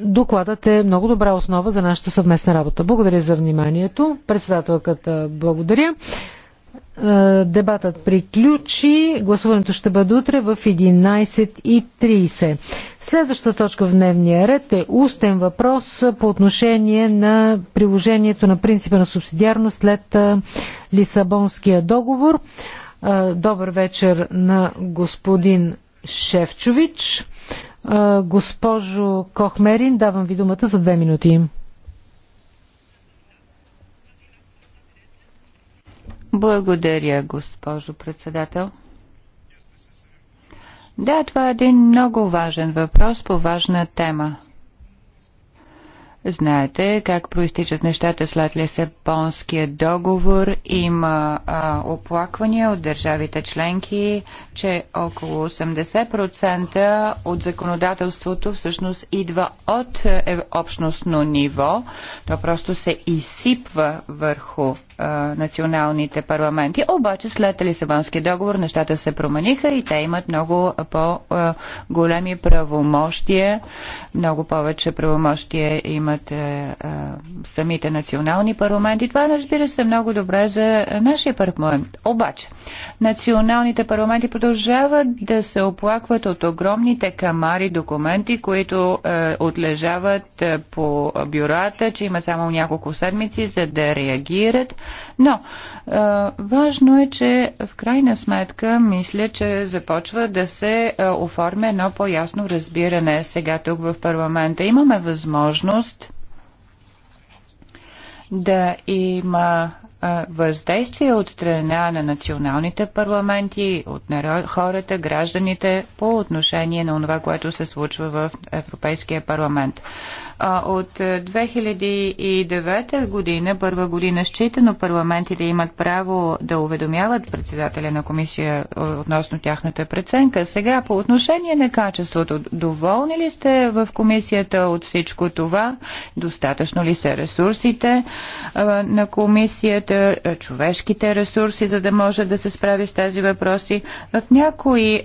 Докладът е много добра основа за нашата съвместна работа. Благодаря за вниманието. Председателката благодаря. Е, дебатът приключи. Гласуването ще бъде утре в 11.30. Следващата точка в дневния ред е устен въпрос по отношение на приложението на принципа на субсидиарност след е, Лисабонския договор. Е, добър вечер на господин Шевчович. Госпожо Кохмерин, давам ви думата за две минути. Благодаря, госпожо председател. Да, това е един много важен въпрос по важна тема. Знаете как проистичат нещата след Лисабонския договор. Има а, оплаквания от държавите членки, че около 80% от законодателството всъщност идва от е, общностно ниво. То просто се изсипва върху а, националните парламенти. Обаче след Лисабонския договор нещата се промениха и те имат много по-големи правомощия. Много повече правомощия имат а, а, самите национални парламенти. Това разбира се е много добре за нашия парламент. Обаче националните парламенти продължават да се оплакват от огромните камари документи, които а, отлежават а, по бюрата, че има само няколко седмици, за да реагират. Но а, важно е, че в крайна сметка мисля, че започва да се а, оформя едно по-ясно разбиране сега тук в парламента. Имаме възможност да има въздействие от страна на националните парламенти, от хората, гражданите по отношение на това, което се случва в Европейския парламент. От 2009 е, година, първа година считано, парламентите имат право да уведомяват председателя на комисия е, относно тяхната преценка. Сега по отношение на качеството, доволни ли сте в комисията от всичко това? Достатъчно ли са ресурсите е, на комисията, човешките ресурси, за да може да се справи с тези въпроси? В някои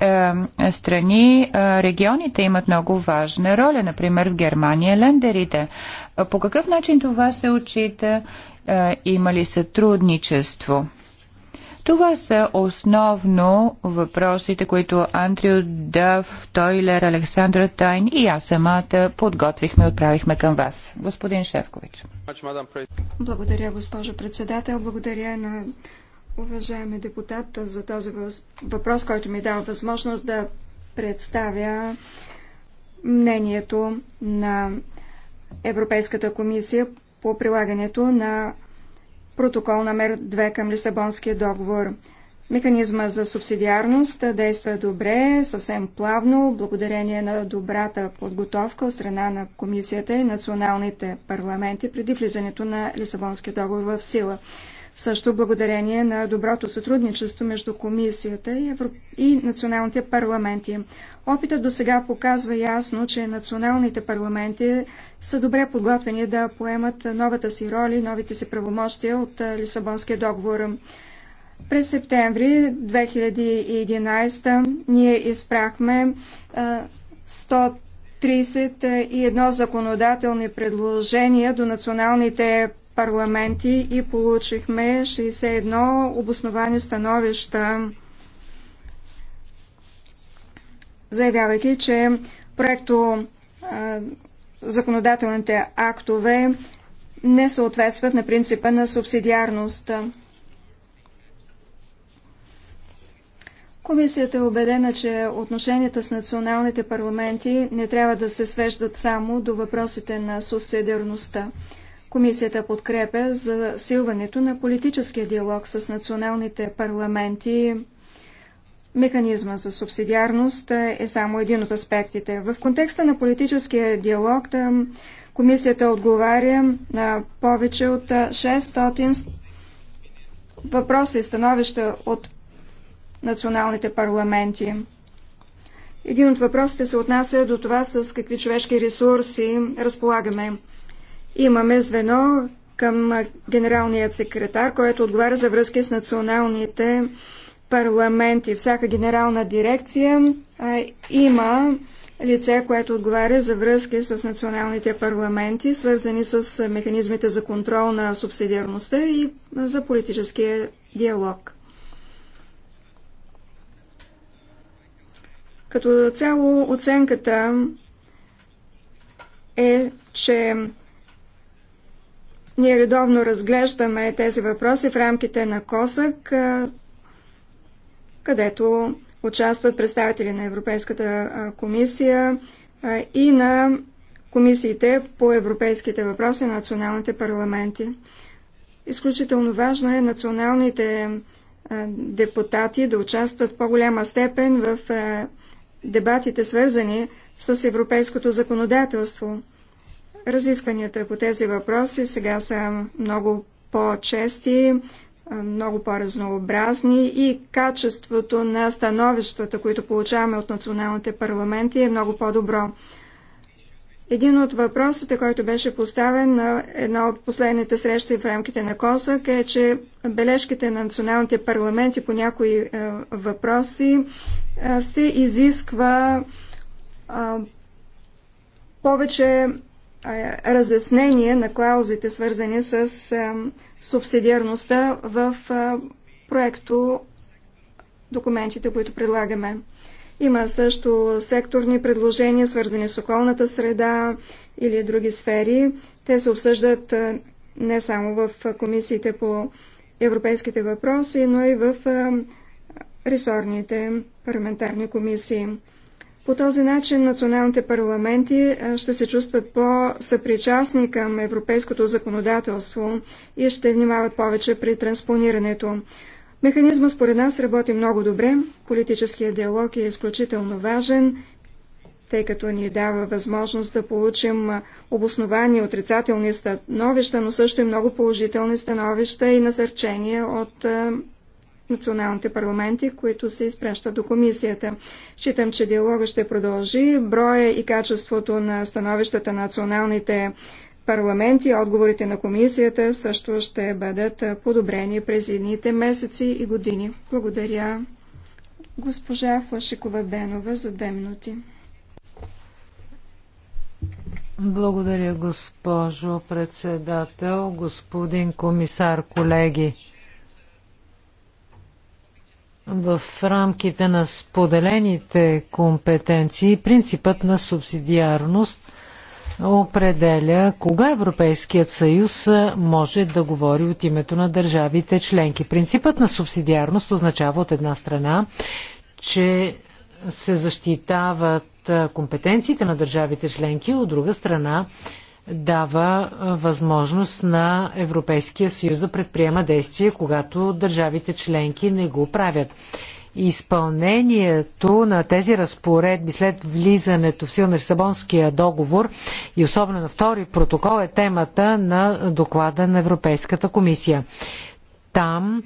страни регионите имат много важна роля, например в Германия, Ленд тендерите. По какъв начин това се отчита? Има ли сътрудничество? Това са основно въпросите, които Андрю Дъв, Тойлер, Александра Тайн и аз самата подготвихме и отправихме към вас. Господин Шевкович. Благодаря, госпожо председател. Благодаря на уважаеми депутат за този въпрос, който ми дава възможност да представя мнението на Европейската комисия по прилагането на протокол номер 2 към Лисабонския договор. Механизма за субсидиарност действа добре, съвсем плавно, благодарение на добрата подготовка от страна на комисията и националните парламенти преди влизането на Лисабонския договор в сила също благодарение на доброто сътрудничество между комисията и, Евро... и националните парламенти. Опитът до сега показва ясно, че националните парламенти са добре подготвени да поемат новата си роля и новите си правомощия от Лисабонския договор. През септември 2011 ние изпрахме 100 31 законодателни предложения до националните парламенти и получихме 61 обосновани становища, заявявайки, че проекто законодателните актове не съответстват на принципа на субсидиарност. Комисията е убедена, че отношенията с националните парламенти не трябва да се свеждат само до въпросите на субсидиарността. Комисията подкрепя засилването на политическия диалог с националните парламенти. Механизма за субсидиарност е само един от аспектите. В контекста на политическия диалог комисията отговаря на повече от 600 въпроси, и становища от националните парламенти. Един от въпросите се отнася до това с какви човешки ресурси разполагаме. Имаме звено към генералният секретар, който отговаря за връзки с националните парламенти. Всяка генерална дирекция а, има лице, което отговаря за връзки с националните парламенти, свързани с механизмите за контрол на субсидиарността и за политическия диалог. Като цяло оценката е, че ние редовно разглеждаме тези въпроси в рамките на КОСАК, където участват представители на Европейската комисия и на комисиите по европейските въпроси на националните парламенти. Изключително важно е националните депутати да участват в по-голяма степен в дебатите, свързани с европейското законодателство. Разискванията по тези въпроси сега са много по-чести, много по-разнообразни и качеството на становищата, които получаваме от националните парламенти е много по-добро. Един от въпросите, който беше поставен на една от последните срещи в рамките на КОСАК е, че бележките на националните парламенти по някои е, въпроси е, се изисква е, повече е, разяснение на клаузите, свързани с е, субсидиарността в е, проекто документите, които предлагаме. Има също секторни предложения, свързани с околната среда или други сфери. Те се обсъждат не само в комисиите по европейските въпроси, но и в ресорните парламентарни комисии. По този начин националните парламенти ще се чувстват по-съпричастни към европейското законодателство и ще внимават повече при транспонирането. Механизма според нас работи много добре. Политическият диалог е изключително важен, тъй като ни дава възможност да получим обосновани отрицателни становища, но също и много положителни становища и насърчения от националните парламенти, които се изпращат до комисията. Считам, че диалога ще продължи. Броя и качеството на становищата на националните парламент и отговорите на комисията също ще бъдат подобрени през едните месеци и години. Благодаря госпожа Флашикова Бенова за две минути. Благодаря, госпожо председател, господин комисар, колеги. В рамките на споделените компетенции принципът на субсидиарност – определя кога Европейският съюз може да говори от името на държавите членки. Принципът на субсидиарност означава от една страна, че се защитават компетенциите на държавите членки, от друга страна дава възможност на Европейския съюз да предприема действия, когато държавите членки не го правят изпълнението на тези разпоредби след влизането в сила на Лисабонския договор и особено на втори протокол е темата на доклада на Европейската комисия. Там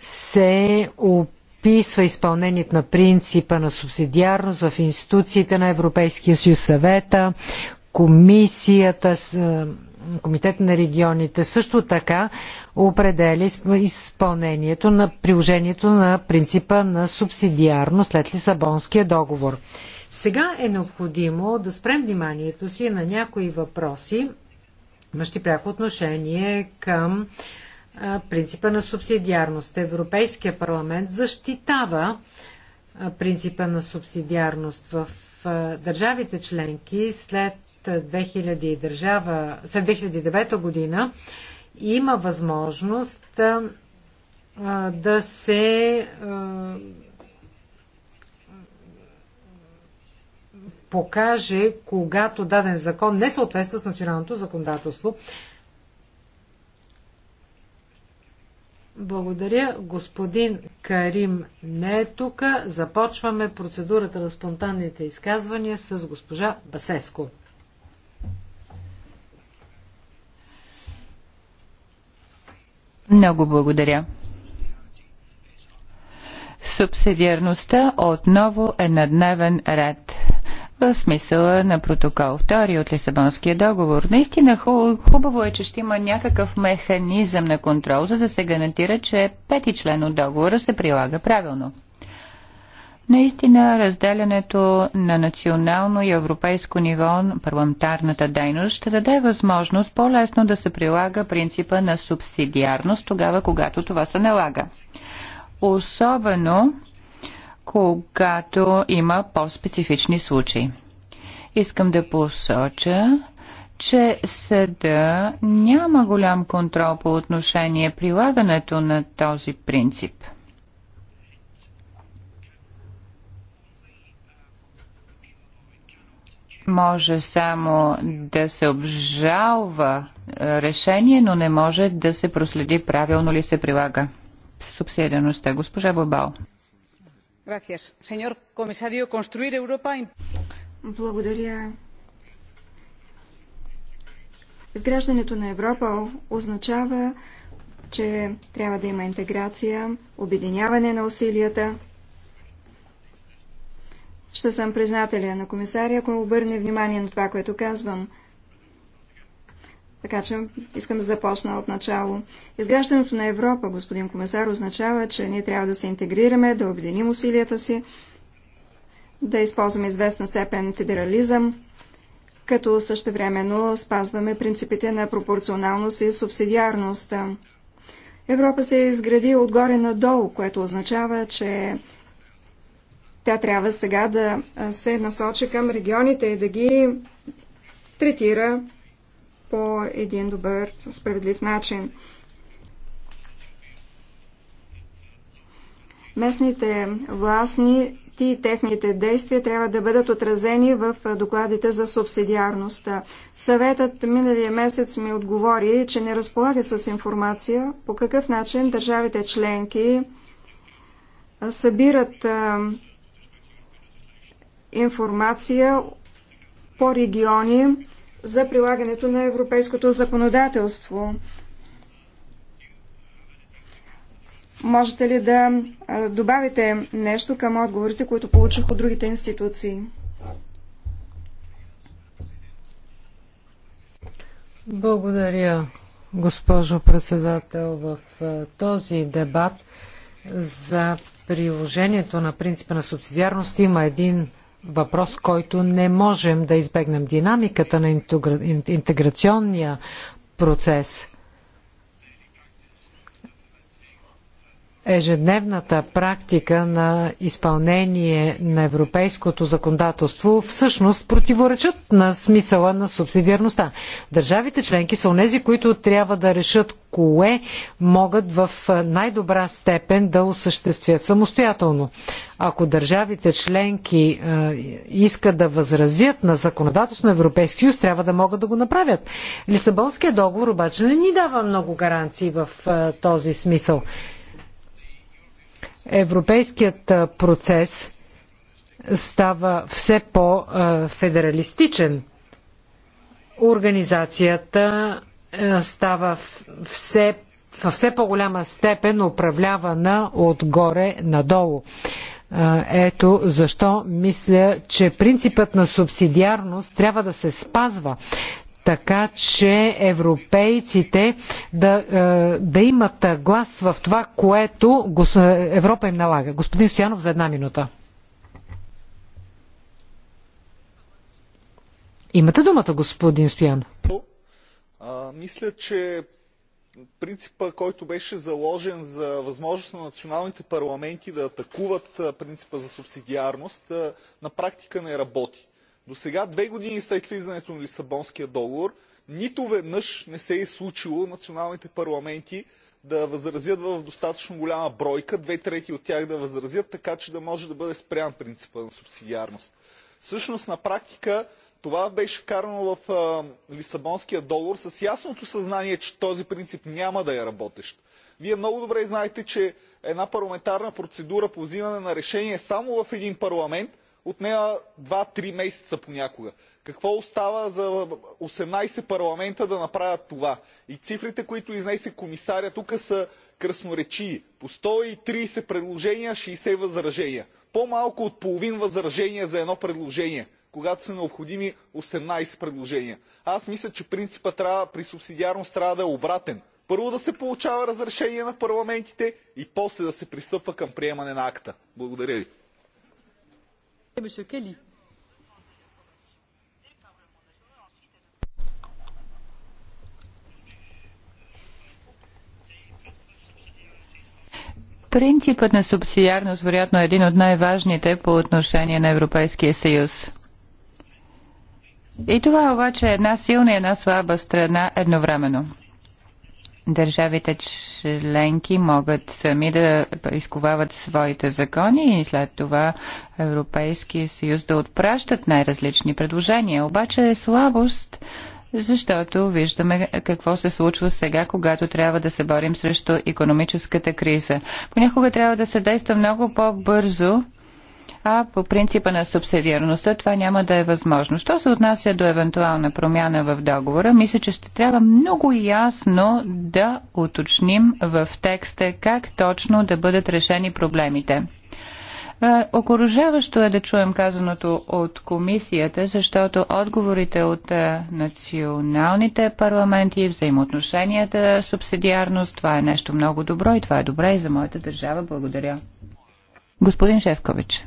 се описва изпълнението на принципа на субсидиарност в институциите на Европейския съюз, съвета, комисията, комитет на регионите също така определя изпълнението на приложението на принципа на субсидиарно след Лисабонския договор. Сега е необходимо да спрем вниманието си на някои въпроси, имащи пряко отношение към принципа на субсидиарност. Европейския парламент защитава принципа на субсидиарност в държавите членки след 2000 държава, след 2009 година има възможност а, да се а, покаже, когато даден закон не съответства с националното законодателство. Благодаря. Господин Карим не е тук. Започваме процедурата на спонтанните изказвания с госпожа Басеско. Много благодаря. Субсидиарността отново е на дневен ред в смисъла на протокол 2 от Лисабонския договор. Наистина хубаво е, че ще има някакъв механизъм на контрол, за да се гарантира, че пети член от договора се прилага правилно. Наистина разделянето на национално и европейско ниво на парламентарната дейност ще даде възможност по-лесно да се прилага принципа на субсидиарност тогава, когато това се налага. Особено когато има по-специфични случаи. Искам да посоча, че съда няма голям контрол по отношение прилагането на този принцип – може само да се обжалва е, решение, но не може да се проследи правилно ли се прилага субсидиарността. Госпожа Бобал. Благодаря. Изграждането на Европа означава, че трябва да има интеграция, обединяване на усилията, ще съм признателя на комисаря, ако обърне внимание на това, което казвам. Така че искам да започна от начало. Изграждането на Европа, господин комисар, означава, че ние трябва да се интегрираме, да обединим усилията си, да използваме известна степен федерализъм, като същевременно спазваме принципите на пропорционалност и субсидиарност. Европа се е изгради отгоре надолу, което означава, че тя трябва сега да се насочи към регионите и да ги третира по един добър, справедлив начин. Местните властни и техните действия трябва да бъдат отразени в докладите за субсидиарността. Съветът миналия месец ми отговори, че не разполага с информация по какъв начин държавите членки събират информация по региони за прилагането на европейското законодателство. Можете ли да добавите нещо към отговорите, които получих от другите институции? Благодаря, госпожо председател. В този дебат за приложението на принципа на субсидиарност има един въпрос, който не можем да избегнем. Динамиката на интеграционния процес ежедневната практика на изпълнение на европейското законодателство всъщност противоречат на смисъла на субсидиарността. Държавите членки са онези, които трябва да решат кое могат в най-добра степен да осъществят самостоятелно. Ако държавите членки е, искат да възразят на законодателство на Европейския съюз, трябва да могат да го направят. Лисабонският договор обаче не ни дава много гаранции в е, този смисъл европейският процес става все по-федералистичен. Организацията става все, във все по-голяма степен управлявана отгоре надолу. Ето защо мисля, че принципът на субсидиарност трябва да се спазва така че европейците да, е, да имат глас в това, което е, Европа им налага. Господин Стоянов, за една минута. Имате думата, господин Стоянов? мисля, че принципа, който беше заложен за възможност на националните парламенти да атакуват принципа за субсидиарност, на практика не работи до сега две години след влизането на Лисабонския договор, нито веднъж не се е случило националните парламенти да възразят в достатъчно голяма бройка, две трети от тях да възразят, така че да може да бъде спрян принципа на субсидиарност. Всъщност на практика това беше вкарано в а, Лисабонския договор с ясното съзнание, че този принцип няма да е работещ. Вие много добре знаете, че една парламентарна процедура по взимане на решение само в един парламент отнема два три месеца понякога. Какво остава за 18 парламента да направят това? И цифрите, които изнесе комисаря тук са красноречии. По 130 предложения, 60 възражения. По-малко от половин възражение за едно предложение когато са необходими 18 предложения. Аз мисля, че принципът трябва, при субсидиарност трябва да е обратен. Първо да се получава разрешение на парламентите и после да се пристъпва към приемане на акта. Благодаря ви. Принципът на субсидиарност вероятно е един от най-важните по отношение на Европейския съюз. И това обаче е една силна и една слаба страна едновременно държавите членки могат сами да изковават своите закони и след това Европейския съюз да отпращат най-различни предложения. Обаче е слабост, защото виждаме какво се случва сега, когато трябва да се борим срещу економическата криза. Понякога трябва да се действа много по-бързо, а по принципа на субсидиарността това няма да е възможно. Що се отнася до евентуална промяна в договора, мисля, че ще трябва много ясно да уточним в текста как точно да бъдат решени проблемите. Е, окоръжаващо е да чуем казаното от комисията, защото отговорите от е, националните парламенти, взаимоотношенията, субсидиарност, това е нещо много добро и това е добре и за моята държава. Благодаря. Господин Шевкович.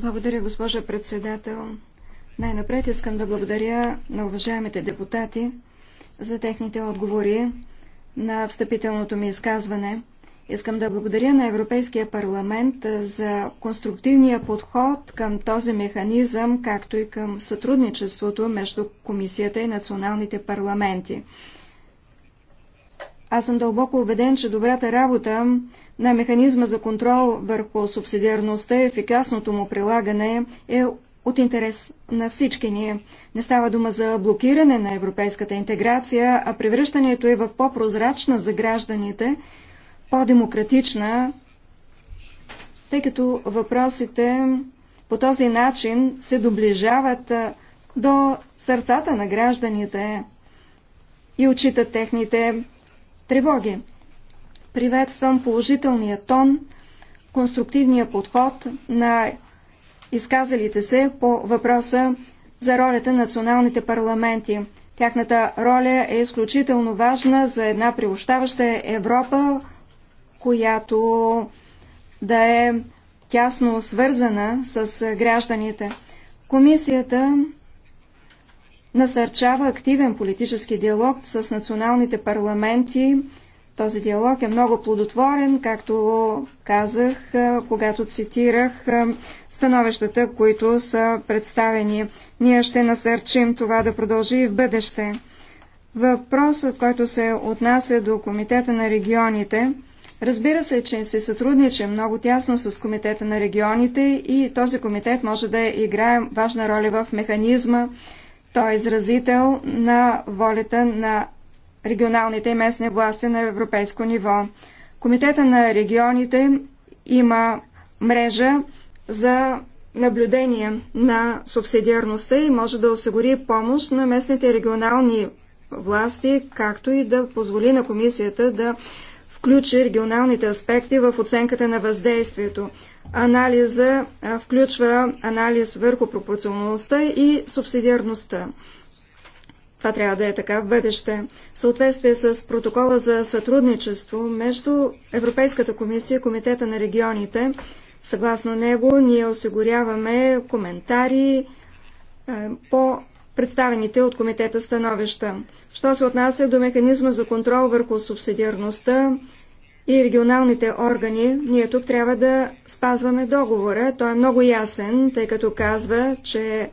Благодаря, госпожа председател. Най-напред искам да благодаря на уважаемите депутати за техните отговори на встъпителното ми изказване. Искам да благодаря на Европейския парламент за конструктивния подход към този механизъм, както и към сътрудничеството между комисията и националните парламенти. Аз съм дълбоко убеден, че добрата работа на механизма за контрол върху субсидиарността и ефикасното му прилагане е от интерес на всички ние. Не става дума за блокиране на европейската интеграция, а превръщането е в по-прозрачна за гражданите, по-демократична, тъй като въпросите по този начин се доближават до сърцата на гражданите и отчитат техните тревоги. Приветствам положителния тон, конструктивния подход на изказалите се по въпроса за ролята на националните парламенти. Тяхната роля е изключително важна за една приобщаваща Европа, която да е тясно свързана с гражданите. Комисията насърчава активен политически диалог с националните парламенти. Този диалог е много плодотворен, както казах, когато цитирах становищата, които са представени. Ние ще насърчим това да продължи и в бъдеще. Въпросът, който се отнася до Комитета на регионите, разбира се, че се сътрудничи много тясно с Комитета на регионите и този комитет може да играе важна роля в механизма той е изразител на волята на регионалните и местни власти на европейско ниво. Комитета на регионите има мрежа за наблюдение на субсидиарността и може да осигури помощ на местните регионални власти, както и да позволи на комисията да включи регионалните аспекти в оценката на въздействието. Анализа включва анализ върху пропорционалността и субсидиарността. Това трябва да е така в бъдеще. В съответствие с протокола за сътрудничество между Европейската комисия и Комитета на регионите, съгласно него ние осигуряваме коментари по представените от комитета становища. Що се отнася до механизма за контрол върху субсидиарността, и регионалните органи, ние тук трябва да спазваме договора. Той е много ясен, тъй като казва, че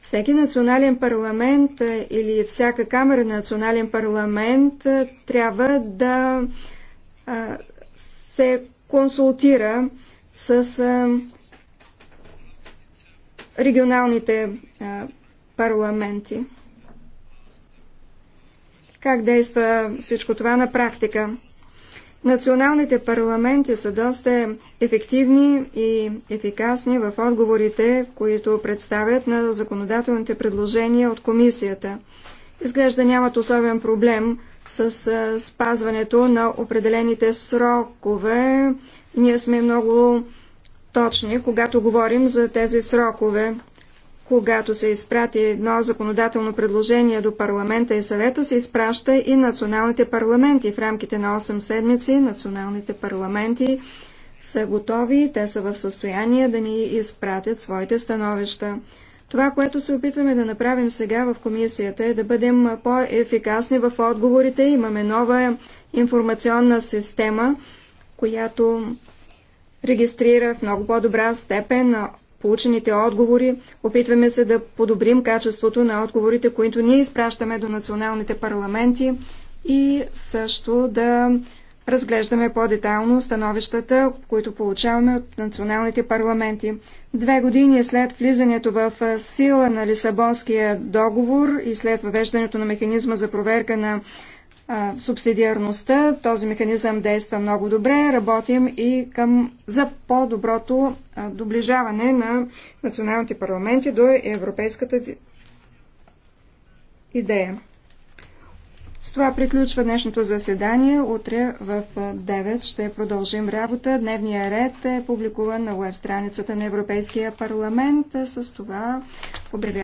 всеки национален парламент е, или всяка камера на национален парламент е, трябва да се консултира с регионалните парламенти. Как действа всичко това на практика? Националните парламенти са доста ефективни и ефикасни в отговорите, които представят на законодателните предложения от комисията. Изглежда нямат особен проблем с спазването на определените срокове. Ние сме много точни, когато говорим за тези срокове когато се изпрати едно законодателно предложение до парламента и съвета, се изпраща и националните парламенти. В рамките на 8 седмици националните парламенти са готови, те са в състояние да ни изпратят своите становища. Това, което се опитваме да направим сега в комисията е да бъдем по-ефикасни в отговорите. Имаме нова информационна система, която регистрира в много по-добра степен получените отговори. Опитваме се да подобрим качеството на отговорите, които ние изпращаме до националните парламенти и също да разглеждаме по-детайлно становищата, които получаваме от националните парламенти. Две години след влизането в сила на Лисабонския договор и след въвеждането на механизма за проверка на субсидиарността. Този механизъм действа много добре. Работим и към, за по-доброто доближаване на националните парламенти до европейската идея. С това приключва днешното заседание. Утре в 9 ще продължим работа. Дневния ред е публикуван на веб страницата на Европейския парламент. С това обявяваме.